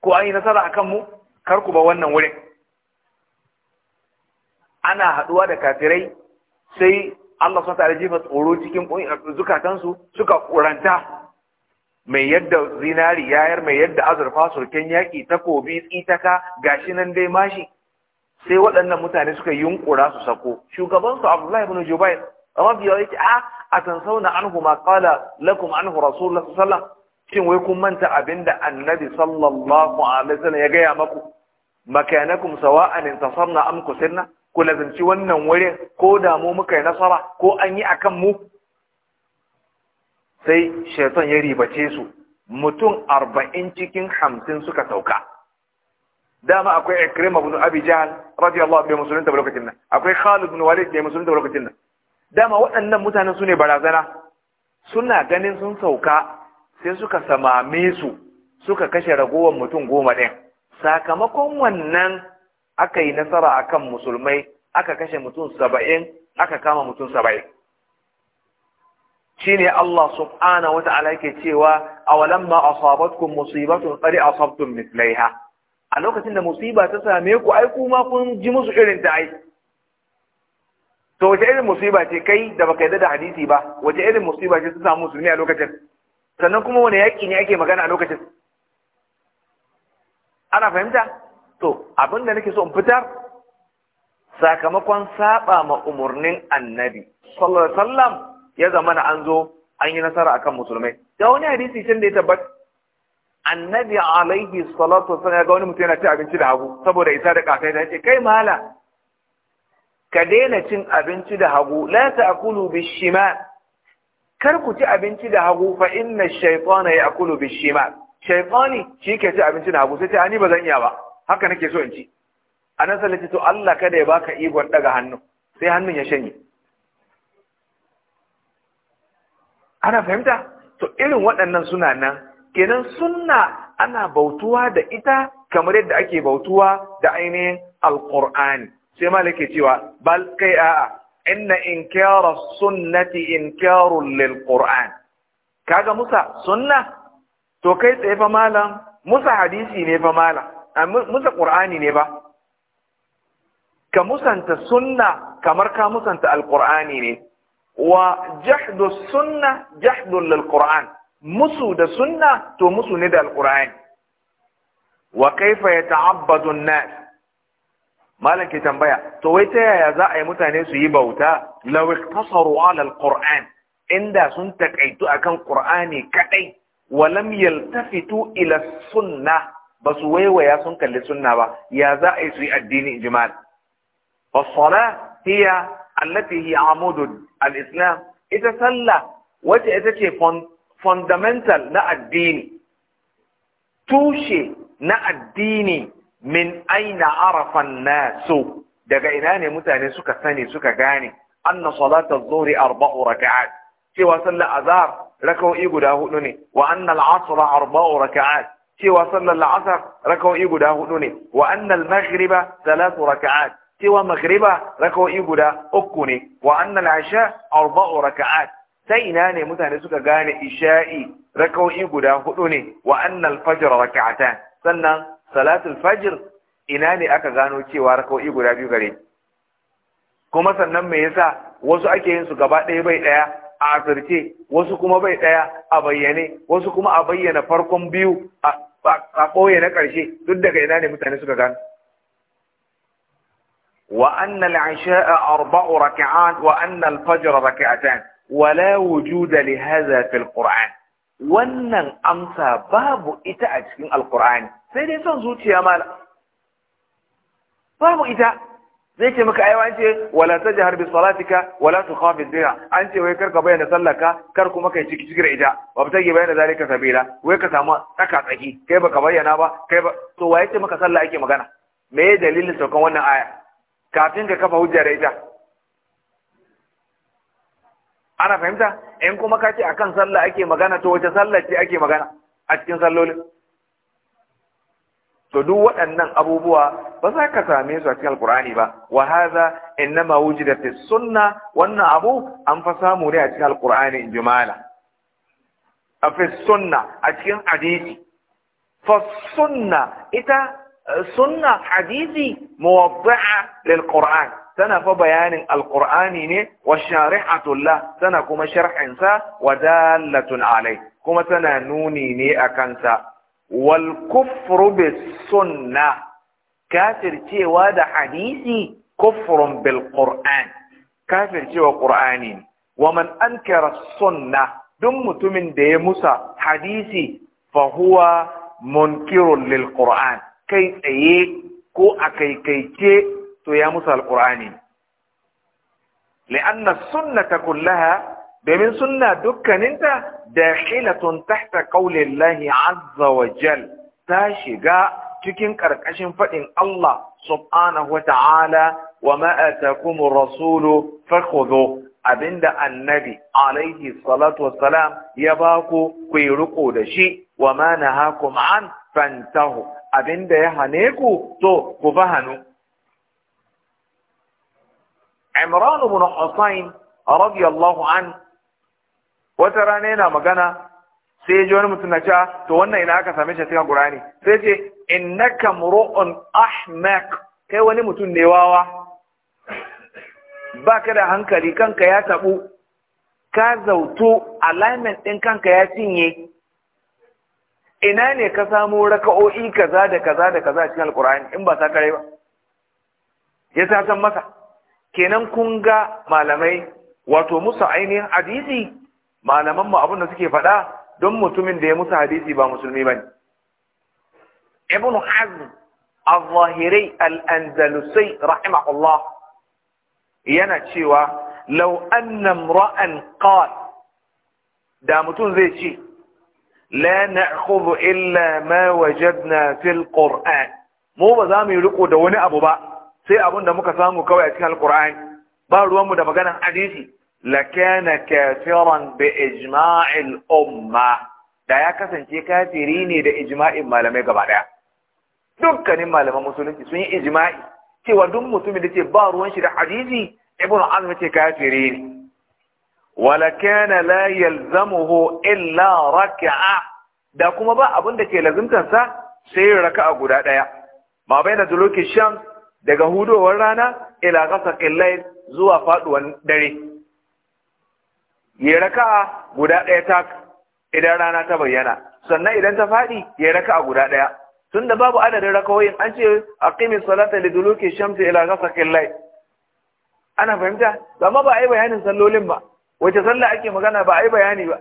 ko an yi nasara a kanmu? kar ku ba wannan wurin ana haɗuwa da kafirai sai Allah sun tare jefa tsoro cikin zukatansu suka ƙuranta. mai yadda zinari yayar mai yadda azurfa surken yaƙi takobi tsitaka shi nan dai mashi sai waɗannan mutane suka yunkura su sako shugabansu abdullahi ibn jubair amma biyo yake ah, a a tansauna anhu ma qala lakum anhu rasulullah sallallahu shin wai kun manta abinda annabi sallallahu alaihi wasallam ya gaya maku makanakum sawa'an intasarna am kusanna ku lazanci wannan wurin ko da mu muka yi nasara ko an yi akan mu sai shaitan ya ribace su mutum arba'in cikin hamsin suka sauka dama akwai ikrima ibn abi jahl radiyallahu anhu musulunta ba lokacin nan akwai khalid ibn walid da musulunta ba lokacin nan dama waɗannan mutanen su ne barazana suna ganin sun sauka sai suka samame su suka kashe ragowar mutum goma ɗin sakamakon wannan aka yi nasara akan musulmai aka kashe mutum saba'in aka kama mutum saba'in shine Allah subhanahu wata'ala yake cewa awalamma asabatkum musibatun qad asabtum mithlaiha a lokacin da musiba ta same ku ai kuma kun ji musu irin ta ai to wace irin musiba ce kai da baka yadda da hadisi ba wace irin musiba ce ta samu musulmi a lokacin sannan kuma wani yaƙi ne ake magana a lokacin ana fahimta to da nake so in fitar sakamakon saɓa ma umarnin annabi sallallahu alaihi ya zama na an zo an yi nasara akan musulmai da wani hadisi can da ya tabbat? annabi alaihi salatu wasallam ya ga wani mutum yana ci abinci da hagu saboda isa da kakai da ce kai mahala ka daina cin abinci da hagu la ta'kulu bishimal kar ku ci abinci da hagu fa inna shaytana ya'kulu bishimal shaytani shi ke ci abinci da hagu sai ta ni ba iya ba haka nake so in ci anan sai to Allah kada ya baka igon daga hannu sai hannun ya shanye ana fahimta to irin waɗannan suna nan kenan sunna ana bautuwa da ita kamar yadda ake bautuwa da ainihin alqur'ani sai malaka cewa bal kai a'a inna inkara sunnati inkarun lil qur'an kaga musa sunna to kai tsaye fa malam musa hadisi ne fa malam musa qur'ani ne ba ka musanta sunna kamar ka musanta alqur'ani ne wa jahdu sunna jahdu lil qur'an musu da sunna to musu ne da Alƙur'ani. wa kaifa ya an-nas malam ke tambaya to wai ta yaya za a yi mutane su yi bauta law iqtasaru ala alquran inda sun takaitu akan qur'ani kadai wa lam yaltafitu ila sunnah ba su waiwaya sun kalli sunna ba ya za a yi su yi addini jimal as-salah hiya allati hiya amudu al-islam ita sallah wace ita ce fundamental na addini tushe na addini min aina arafan nasu daga ina ne mutane suka sani suka gane anna salata zuhri arba'u raka'at cewa sallar azhar raka'o'i guda hudu ne wa anna al-asr arba'u raka'at cewa sallar la'asar raka'o'i guda hudu ne wa anna al-maghriba thalathu raka'at cewa maghriba raka'o'i guda uku ne wa anna al-isha arba'u raka'at ta ina ne mutane suka gane isha'i raka'o'i guda hudu ne wa anna al-fajr raka'atan sannan salatul fajr ina ne aka gano cewa raka'o'i guda biyu gare kuma sannan me yasa wasu ake yin su gaba ɗaya bai ɗaya a asirce wasu kuma bai ɗaya a bayyane wasu kuma a bayyana farkon biyu a ɓoye na ƙarshe duk daga ina ne mutane suka gano wa anna al isha'a arba'u rak'at wa anna al fajr rak'atan wala wujuda li hadha fil qur'an wannan amsa babu ita a cikin alkur'ani sai dai son zuciya mala babu ita zai ce maka aiwa ce wala jihar bi salatika wala tukhafid zira an ce wai karka bayyana sallaka kar kuma kai ciki cikin ita ba ta ke bayyana ka sabila wai ka samu tsaka tsaki kai baka bayyana ba kai ba to waye ce maka sallah ake magana me dalilin saukan wannan aya kafin ka kafa hujja da ita ana fahimta in kuma ka akan sallah ake magana to wace sallah ce ake magana a cikin sallolin to duk waɗannan abubuwa ba za ka same su a cikin alkur'ani ba wa hadha innama wujida fi sunna wannan abu an fa samu ne a cikin alkur'ani in jumala a fi sunna a cikin hadisi fa sunna ita eh, sunna hadisi muwadda'a lil qur'an tana fa bayanin alqur'ani ne wa shari'atullah tana kuma sharhin sa wa dalatun alai kuma tana nuni ne akan sa wal kufru bis sunnah kafircewa da hadisi kufrun bil qur'an kafircewa qur'ani wa man ankara sunnah duk mutumin da ya musa hadisi fahuwa munkirun lil Qur'an kai tsaye ko a kaikaice to ya musu alqur'ani li'anna sunnata kullaha domin sunna dukkaninta dakhilatun tahta qaulillahi azza wa jal ta shiga cikin ƙarƙashin faɗin Allah subhanahu wa ta'ala wa ma atakumur rasulu fakhudhu abinda annabi alaihi salatu wassalam ya baku ku yi riko da shi wa ma nahakum an fantahu abinda ya hane ku to ku hannu. Imran ibn Husayn radiyallahu an wata rana yana magana sai ya ji wani mutum na cewa ah, to wannan ina aka same shi cikin Qur'ani sai ce innaka mur'un ahmaq kai wani mutum ne wawa baka da hankali kanka ya tabu ka zautu alignment din kanka ya cinye ina ne ka samu raka'o'i kaza da kaza da kaza cikin Al-Qur'ani? in ba ta kare ba ya san masa kenan kun ga malamai wato musu ainihin hadisi malaman mu abin da suke faɗa don mutumin da ya musu hadisi ba musulmi ba ne ibn hazm al zahirai al-andalusi rahimahullah yana cewa "Lau'annan anna imra'an da mutum zai ce la na'khudhu illa ma wajadna fil qur'an mu ba za mu yi riko da wani abu ba sai abinda da muka samu kawai a cikin alkur'ani ba ruwanmu da maganan hadisi lakana kafiran bi ijma'il umma da ya kasance kafiri ne da ijma'in malamai gaba daya dukkanin malaman musulunci sun yi ijma'i cewa duk mutumin da ce ba ruwan shi da hadisi ibn azm ce kafiri ne wala kana la yalzamuhu illa rak'a da kuma ba abin da ke lazimtansa sai raka'a guda daya ma da duluki shams daga hudowar rana ila ghasaqil layl zuwa faduwan dare yayi raka'a guda ɗaya tak idan rana ta bayyana sannan idan ta faɗi yayi raka'a guda ɗaya tunda babu adadin rakawoyin an ce aqimis salata liduluki shamsi ila ghasaqil layl ana fahimta amma ba a yi bayanin sallolin ba wace sallah ake magana ba a yi bayani ba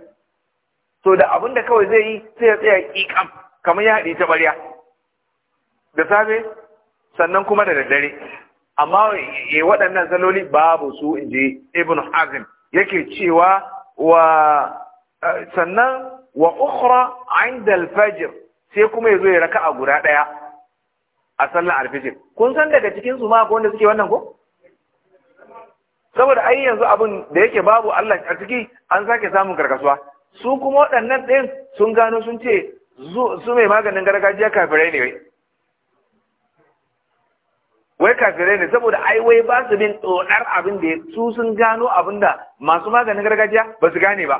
to da abin da kawai zai yi sai ya tsaya ƙiƙam kamar ya haɗe ta ɓarya da safe sannan kuma da daddare amma eh, waɗannan saloli babu su inji ibn hazm yake cewa wa eh, sannan wa ukhra inda al sai kuma yazo ya raka'a guda daya a sallar al kun san daga cikin su ma ko wanda suke wannan ko saboda ai yanzu abin da yake babu Allah a ciki an sake samun karkasuwa su kuma waɗannan din sun gano sun ce su mai maganin gargajiya kafirai ne wai kafirai ne saboda ai wai ba su bin tsodar abin da su sun gano abin da masu maganin gargajiya ba su gane ba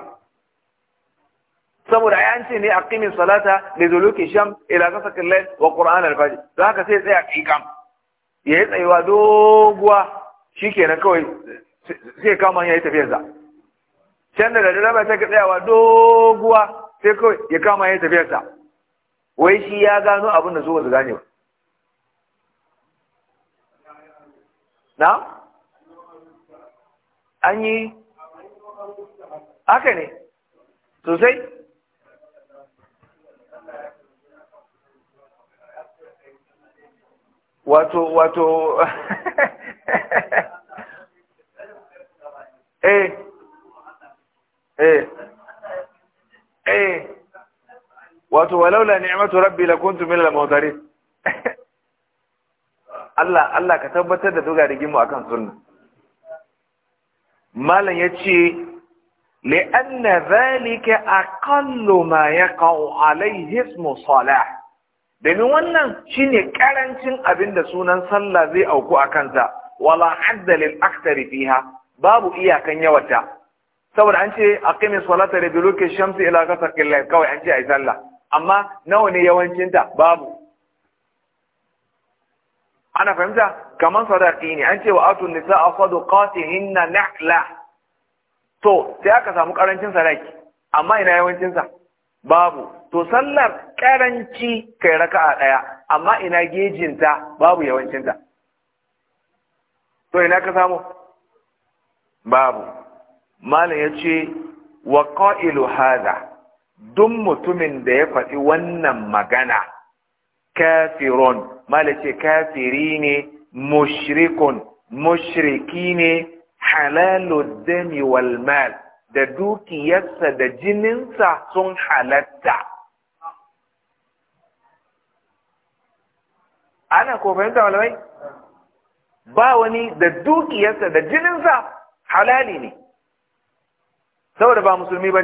saboda ya ce ne a aqimin salata da zuluki sham ila ghasaqil layl wa qur'an al-fajr za ka sai tsaya kikam ya yi tsayuwa doguwa shi na kawai sai kama ya yi tafiyar sa can da dare ba sai ka tsayawa doguwa sai kawai ya kama ya yi tafiyar sa wai shi ya gano abin da su ba su gane ba na an yi haka ne sosai wato wato (laughs) eh eh eh wato walaula rabbi lakuntu minal Allah Allah ka tabbatar da doga da gimu akan sunna malam yace li anna zalika aqallu ma yaqa'u alayhi ismu salah domin wannan shine karancin abinda sunan sallah zai auku a sa wala hadda lil aktsari fiha babu iyakan yawata saboda an ce aqimi salata li duluki shamsi ila ghasaqi al kawai an ce ai sallah amma nawa ne yawancinta babu ana fahimta Kamar sadaki ne an ce wa atun nisaa sadaqatihinna nahla to sai aka samu karancin sadaki amma ina yawancin babu to sallar karanci kai raka'a daya amma ina gejinta babu yawancin to ina ka samu babu malam yace wa qailu hadha duk mutumin da ya faɗi wannan magana kafirun mala ce kafiri ne mushrikun mushriki ne halalud dami da dukiyarsa da jininsa sun halatta ana ko fahimta malamai ba wani da dukiyarsa da jininsa halali ne saboda ba musulmi ba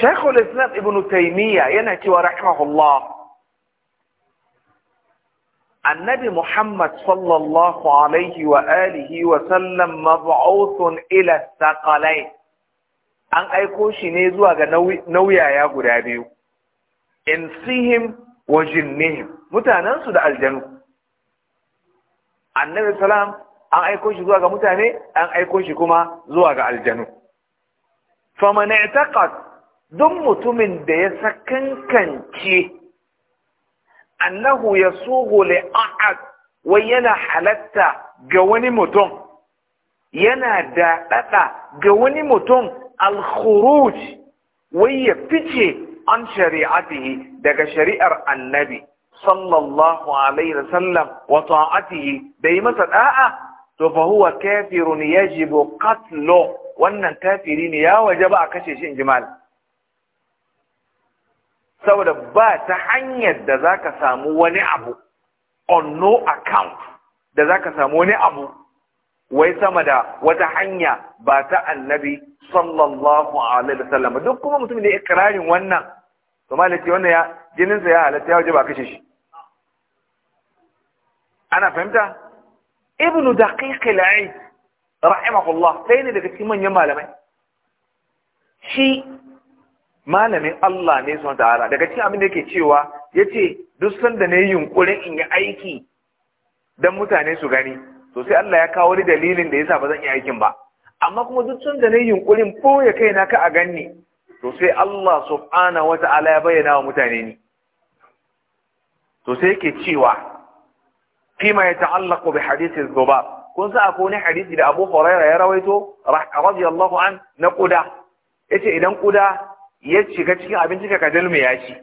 shekul islam ibn taimiyya yana cewa rahimahullah annabi muhammad sallallahu alaihi wa alihi wa sallam mab'uthun ila saqalai an aiko shi ne zuwa ga nauyaya guda biyu insihim wa jinnihim mutanensu da aljanu annabi salam an aiko shi zuwa ga mutane an aiko shi kuma zuwa ga aljanu faman duk mutumin da ya sakankance annahu ya suhu li'a'ad wai yana halatta ga wani mutum yana daɗaɗa ga wani mutum al wai ya fice an shari'atihi daga shari'ar annabi sallallahu alaihi wasallam wa ta'atihi da yi masa da'a to fa huwa kafirun yajibu qatlu wannan kafiri ne ya ba a kashe shi in saboda ba ta hanyar da za ka samu wani abu on no account da za ka samu wani abu wai sama da wata hanya ba ta annabi sallallahu alaihi wasallam duk kuma mutum da ikrarin wannan to malaki wannan ya jininsa ya halatta ya waje ba kashe shi ana fahimta ibnu daqiq al-aid rahimahullah sai ne daga cikin manyan malamai shi malamin Allah ne sun ta'ala daga cikin abin da yake cewa yace duk sanda ne yunkurin in yi aiki dan mutane su gani to sai Allah ya kawo ni dalilin da yasa ba zan yi aikin ba amma kuma duk sanda ne yunkurin kai na ka a ganni to sai Allah subhanahu ta'ala ya bayyana wa mutane ni to sai yake cewa fima ya ta'allaqu bi hadisi zubab kun sa akwai wani hadisi da Abu Hurairah ya rawaito radiyallahu an na kuda yace idan kuda ya shiga cikin abinci ka dalma ya ci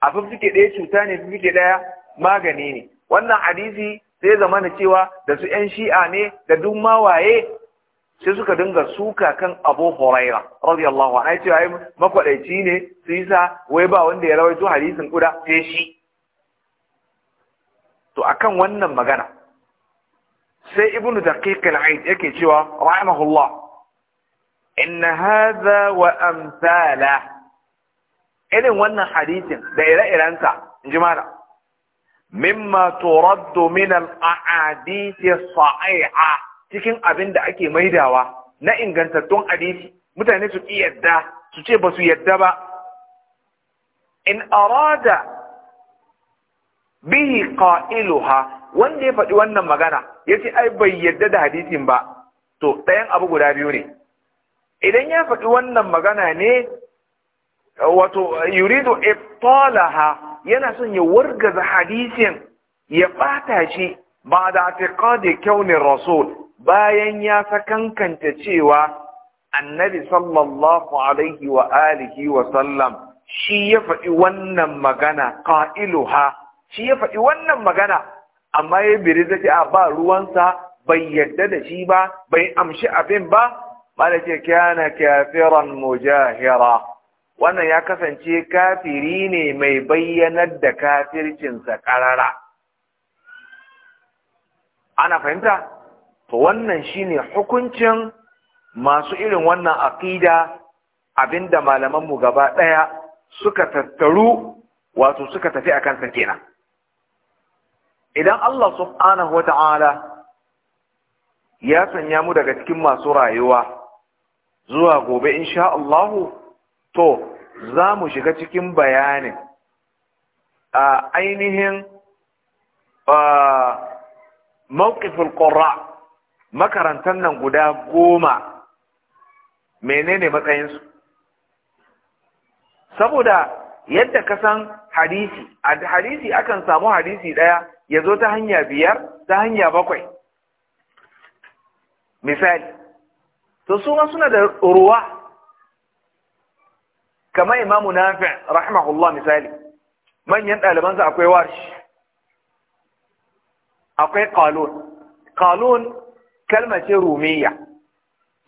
abin suke ɗaya cuta ne suke ɗaya magani ne wannan hadisi sai zama na cewa da su ‘yan shi'a ne da duk mawaye sai suka dinga suka kan abu huraira radiyallahu anhu ai cewa makwadaici ne su yi sa wai ba wanda ya rawaito hadisin kuda sai shi to akan wannan magana sai ibnu daqiq al-aid yake cewa rahimahullah inna hadha wa amsala irin wannan hadisin da ire-irensa jimara ji mala mimma turaddu min al-ahadith as cikin abin da ake maidawa na ingantattun hadisi mutane su ki yadda su ce ba su yadda ba in arada bihi qailuha wanda ya faɗi wannan magana ya ce ai bai yadda da hadisin ba to ɗayan abu guda biyu ne idan ya faɗi wannan magana ne wato yuridu iftalaha yana son ya wargaza hadisin ya ɓata shi ba da atiqadi kauni rasul bayan ya sakankanta cewa annabi sallallahu alaihi wa alihi wa sallam shi ya faɗi wannan magana qailuha shi ya faɗi wannan magana amma ya biri da a ba ruwansa bai yadda da shi ba bai amshi abin ba malaka kana kafiran mujahira wannan ya kasance kafiri ne mai bayyanar da kafircinsa karara ana fahimta to wannan shine hukuncin masu irin wannan aqida abinda malaman mu gaba daya suka tattaru wato suka tafi akan sa kenan idan Allah subhanahu wataala ya sanya mu daga cikin masu rayuwa zuwa gobe insha Allah to za mu shiga cikin bayanin a ainihin mawqiful ƙorra makarantar nan guda goma menene matsayinsu saboda yadda ka san hadisi a hadisi akan samu hadisi ɗaya ya zo ta hanya biyar ta hanya bakwai misali to su ma suna da ruwa kamar imamu nafi rahimahullah misali manyan ɗalibansa akwai warshi akwai kalon kalon kalma ce rumiya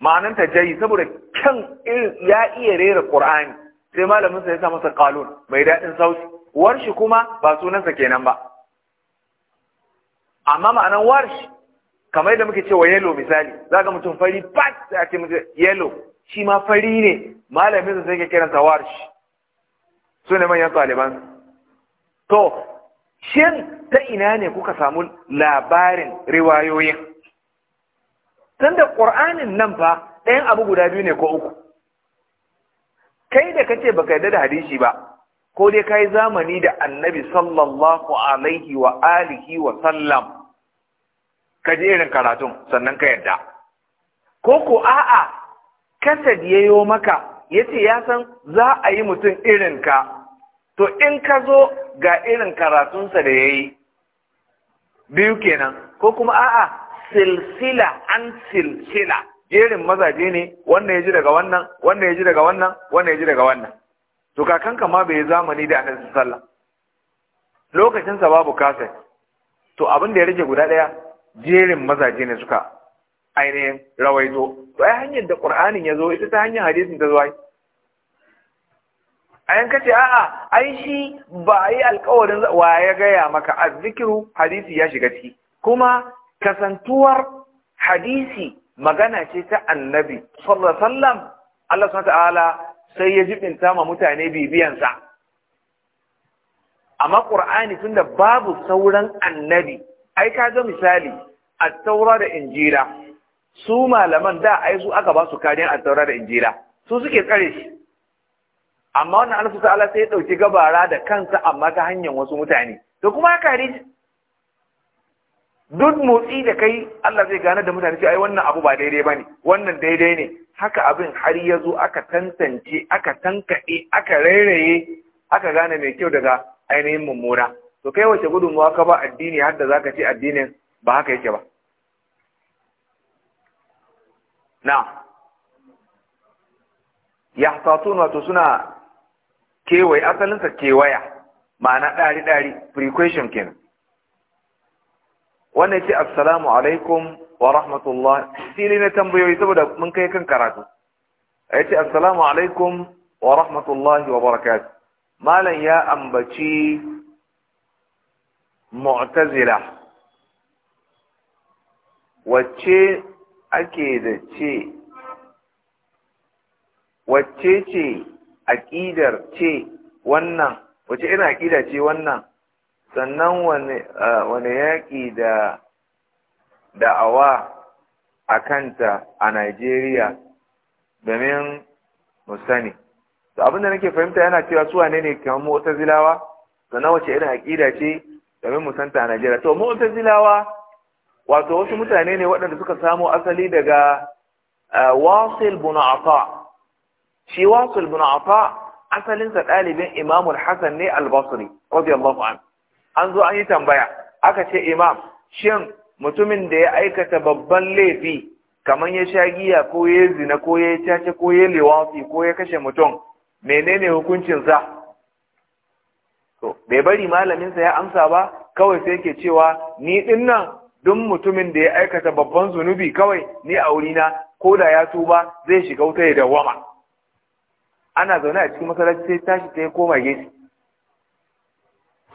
ma'ananta jayi saboda kyan ya iya rera ƙur'ani sai malaminsa ya sa masa kalon mai daɗin sauti warshi kuma ba sunansa kenan ba amma ma'anan warshi kamar da muke cewa yellow misali za ka mutum fari pat da ake mutu yellow shi ma fari ne malamin sai ke kiransa warsh su ne manyan ɗaliban to shin ta ina ne kuka samu labarin riwayoyin tun da ƙur'anin nan fa ɗayan abu guda biyu ne ko uku kai da kace baka yarda da hadisi ba ko dai kai zamani da annabi sallallahu alaihi wa alihi wa sallam ka ji irin karatun sannan ka yadda ko ko a'a kasad yo maka ya ce ya san za a yi mutum irin ka to in ka zo ga irin karatunsa da ya yi. biyu kenan ko kuma a'a silsila an silsila jerin mazaje ne wannan ya ji daga wannan wannan ya ji daga wannan wannan ya ji daga wannan to kakanka ma bai zamani da annabi sallah lokacin babu kaset. to abin da ya rage guda ɗaya. jerin mazaje ne suka ainihin rawaito to ai hanyar da qur'anin ya zo ita ta hanyar hadisin ta zo ai ayan kace a'a ai shi ba ai alƙawarin wa ya gaya maka azzikiru hadisi ya shiga ciki kuma kasantuwar hadisi magana ce ta annabi sallallahu alaihi Allah subhanahu ta'ala sai ya jibinta ma mutane bibiyansa amma ƙur'ani tunda babu sauran annabi ai ka ga misali a taura da injila su malaman da ai su aka ba su kariyar a taura da injila su suke tsare shi amma wannan alfu ta'ala sai ya dauki gabara da kansa amma ta hanyar wasu mutane to kuma ya kare shi duk motsi da kai Allah zai gane da mutane ai wannan abu ba daidai bane wannan daidai ne haka abin har ya zo aka tantance aka tankaɗe aka rairaye aka gane mai kyau daga ainihin mummuna to kai wace gudunmuwa ka ba addini har da ka ce addinin ba haka yake ba na yahtatun wato suna kewaye asalinsa kewaya ma'ana ɗari ɗari frequation kin wannan ce assalamu alaikum wa rahmatullah fili na tambayoyi saboda mun kai kan karatu yace yace assalamu alaikum wa rahmatullahi wa barakatuh malam ya ambaci mu'tazila wacce ake da ce wacce ce aƙidar ce wannan wacce ina aƙida ce wannan sannan wane yaƙi da da'awa a kanta a Najeriya domin mu sani. To abinda nake fahimta yana cewa su wane ne kamar Mu'tazilawa, sannan wace irin aƙida ce domin mu santa a Najeriya to mu'tazilawa wato wasu mutane ne waɗanda suka samo asali daga eh, wasil bin shi wasil bin asalinsa ɗalibin Imam al-Hasan ne al-Basri radiyallahu an an zo an yi tambaya aka ce imam shin mutumin da ya aikata babban laifi kamar ya sha giya ko ya zina ko ya cace ko ya liwafi ko ya kashe mutum menene hukuncinsa to bai bari malaminsa ya amsa ba kawai sai yake cewa ni din nan duk mutumin da ya aikata babban zunubi kawai ni a wurina ko da ya tuba zai shiga wuta ya dawwama ana zaune a cikin masallaci sai tashi sai koma gefe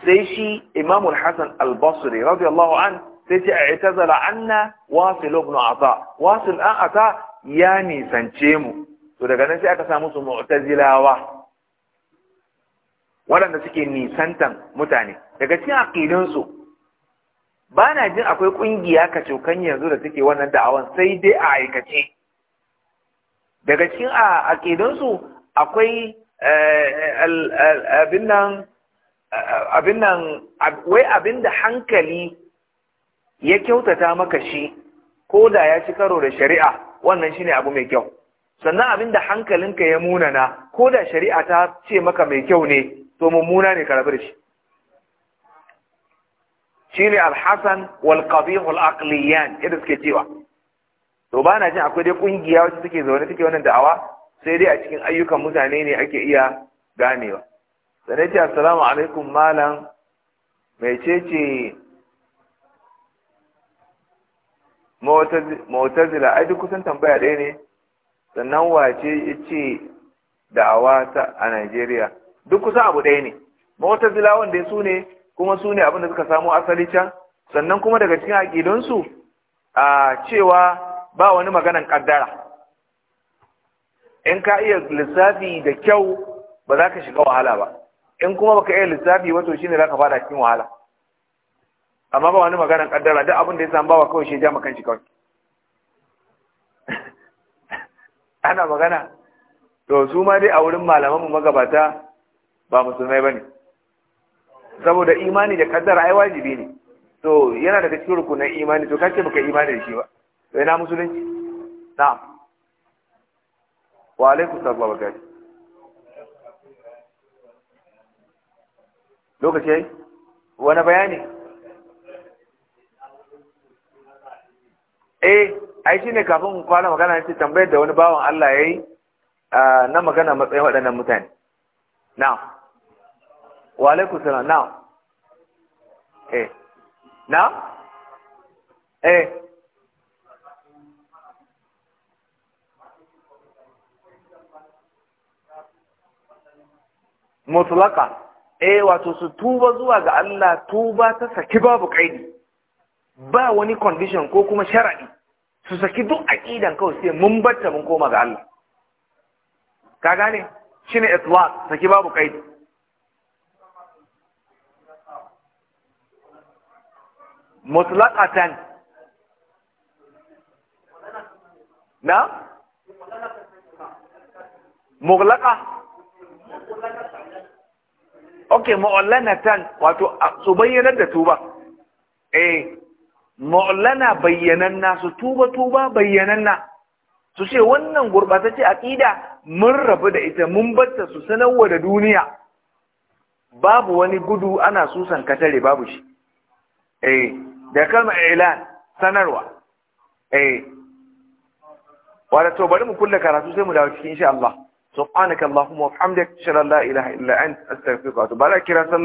sai shi imamul hasan al-basri radiyallahu an sai ce a itazala anna wasil ibn ata wasil an ata ya nisance mu to daga nan sai aka samu su mu'tazilawa waɗanda suke nisantan mutane daga cikin aƙidinsu ba na jin akwai ƙungiya ka cokan yanzu da suke wannan da'awan sai dai a aikace daga cikin aƙidinsu akwai eh, abin nan wai abin da hankali ya kyautata maka shi ko da ya ci karo da shari'a wannan shine abu mai kyau sannan abin da hankalinka ya munana ko da shari'a ta ce maka mai kyau ne to mummuna ne karabar shi. shi ne Alhassan hasan akliyan qabih idan suke cewa to ba na jin akwai dai ƙungiya wacce suke zaune suke wannan da'awa sai dai a cikin ayyukan mutane ne ake iya ganewa sanai ce assalamu alaikum malam mai ce mu'tazila ai duk kusan tambaya ɗaya ne sannan wace ce da'awa ta a Najeriya duk kusa abu ɗaya ne zila wanda su ne kuma su ne abin da suka samu asali can sannan kuma daga cikin aƙidunsu a cewa ba wani maganan ƙaddara in ka iya lissafi da kyau ba za ka shiga wahala ba in kuma baka iya lissafi wato shi ne za ka fada cikin wahala amma ba wani maganan ƙaddara duk abin da ya samu bawa kawai shi ya ja kan shi kawai (laughs) ana magana to su ma dai a wurin malaman mu magabata ba musulmai ba ne. saboda imani da kaddara ai wajibi ne to yana daga cikin rukunan imani to kace baka imani da shi ba to yana musulunci Na. wa alaikum salam wa lokaci wani bayani eh ai shine kafin kwana magana ce tambayar da wani bawan Allah yayi ah, na magana matsayin waɗannan mutane na'am wa alaikum na eh na eh mutlaka E wato su tuba zuwa ga Allah tuba ta saki babu kaidi ba wani condition ko kuma sharaɗi, su saki duk aqidan kawai sai mun batta mun koma ga Allah ka gane shine itlaq saki babu kaidi mutlaqatan na mughlaqa ok mu'allanatan wato su bayyanar da tuba eh mu'allana bayyananna su tuba tuba bayyananna su ce wannan gurbatacce aqida mun rabu da ita mun batta su sanarwa da duniya babu wani gudu ana susan katare babu shi eh da kalma ilan sanarwa eh wato bari mu kulle karatu sai mu dawo cikin insha Allah subhanakallahumma wa bihamdika ashhadu an la ilaha illa anta astaghfiruka wa atubu ilaik kira sallah